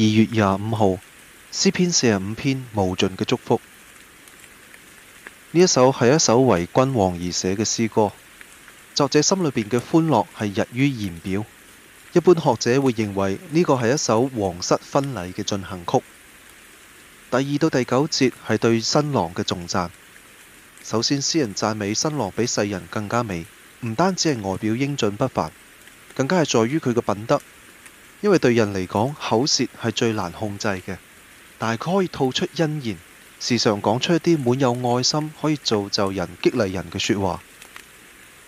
二月廿五號，詩篇四十五篇無盡嘅祝福。呢一首係一首為君王而寫嘅詩歌，作者心裏邊嘅歡樂係溢於言表。一般學者會認為呢個係一首皇室婚禮嘅進行曲。第二到第九節係對新郎嘅頌讚。首先，詩人讚美新郎比世人更加美，唔單止係外表英俊不凡，更加係在於佢嘅品德。因為對人嚟講，口舌係最難控制嘅，但係佢可以吐出恩言，時常講出一啲滿有愛心、可以造就人激勵人嘅說話。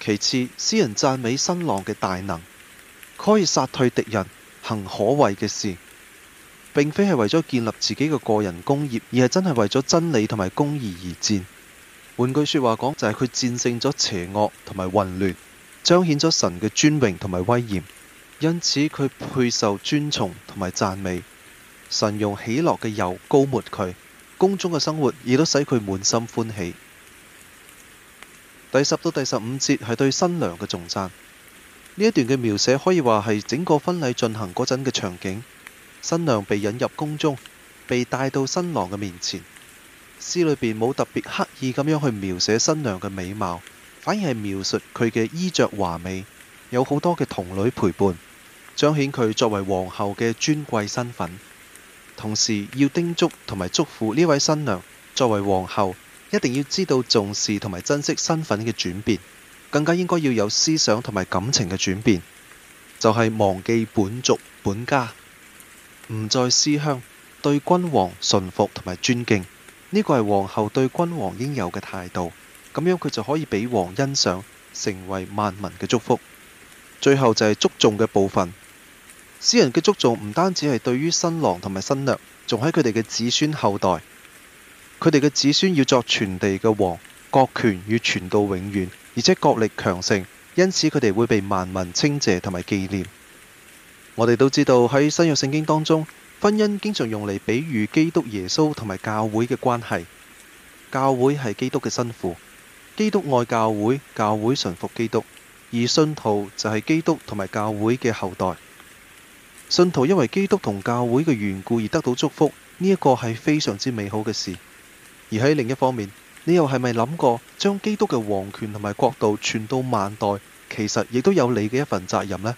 其次，詩人讚美新郎嘅大能，可以殺退敵人，行可畏嘅事，並非係為咗建立自己嘅個人功業，而係真係為咗真理同埋公義而戰。換句話說話講，就係、是、佢戰勝咗邪惡同埋混亂，彰顯咗神嘅尊榮同埋威嚴。因此佢配受尊崇同埋讚美，神用喜樂嘅油膏抹佢，宮中嘅生活亦都使佢滿心歡喜。第十到第十五節係對新娘嘅頌讚，呢一段嘅描寫可以話係整個婚禮進行嗰陣嘅場景。新娘被引入宮中，被帶到新郎嘅面前。詩裏邊冇特別刻意咁樣去描寫新娘嘅美貌，反而係描述佢嘅衣着華美，有好多嘅童女陪伴。彰顯佢作為皇后嘅尊貴身份，同時要叮囑同埋祝福呢位新娘作為皇后，一定要知道重視同埋珍惜身份嘅轉變，更加應該要有思想同埋感情嘅轉變，就係忘記本族本家，唔再思鄉，對君王順服同埋尊敬。呢個係皇后對君王應有嘅態度，咁樣佢就可以俾王欣賞，成為萬民嘅祝福。最後就係祝頌嘅部分。詩人嘅祝頌唔單止係對於新郎同埋新娘，仲喺佢哋嘅子孫後代，佢哋嘅子孫要作全地嘅王，國權要傳到永遠，而且國力強盛，因此佢哋會被萬民稱謝同埋紀念。我哋都知道喺新約聖經當中，婚姻經常用嚟比喻基督耶穌同埋教會嘅關係。教會係基督嘅新婦，基督愛教會，教會順服基督，而信徒就係基督同埋教會嘅後代。信徒因為基督同教會嘅緣故而得到祝福，呢一個係非常之美好嘅事。而喺另一方面，你又係咪諗過將基督嘅王權同埋國度傳到萬代，其實亦都有你嘅一份責任呢？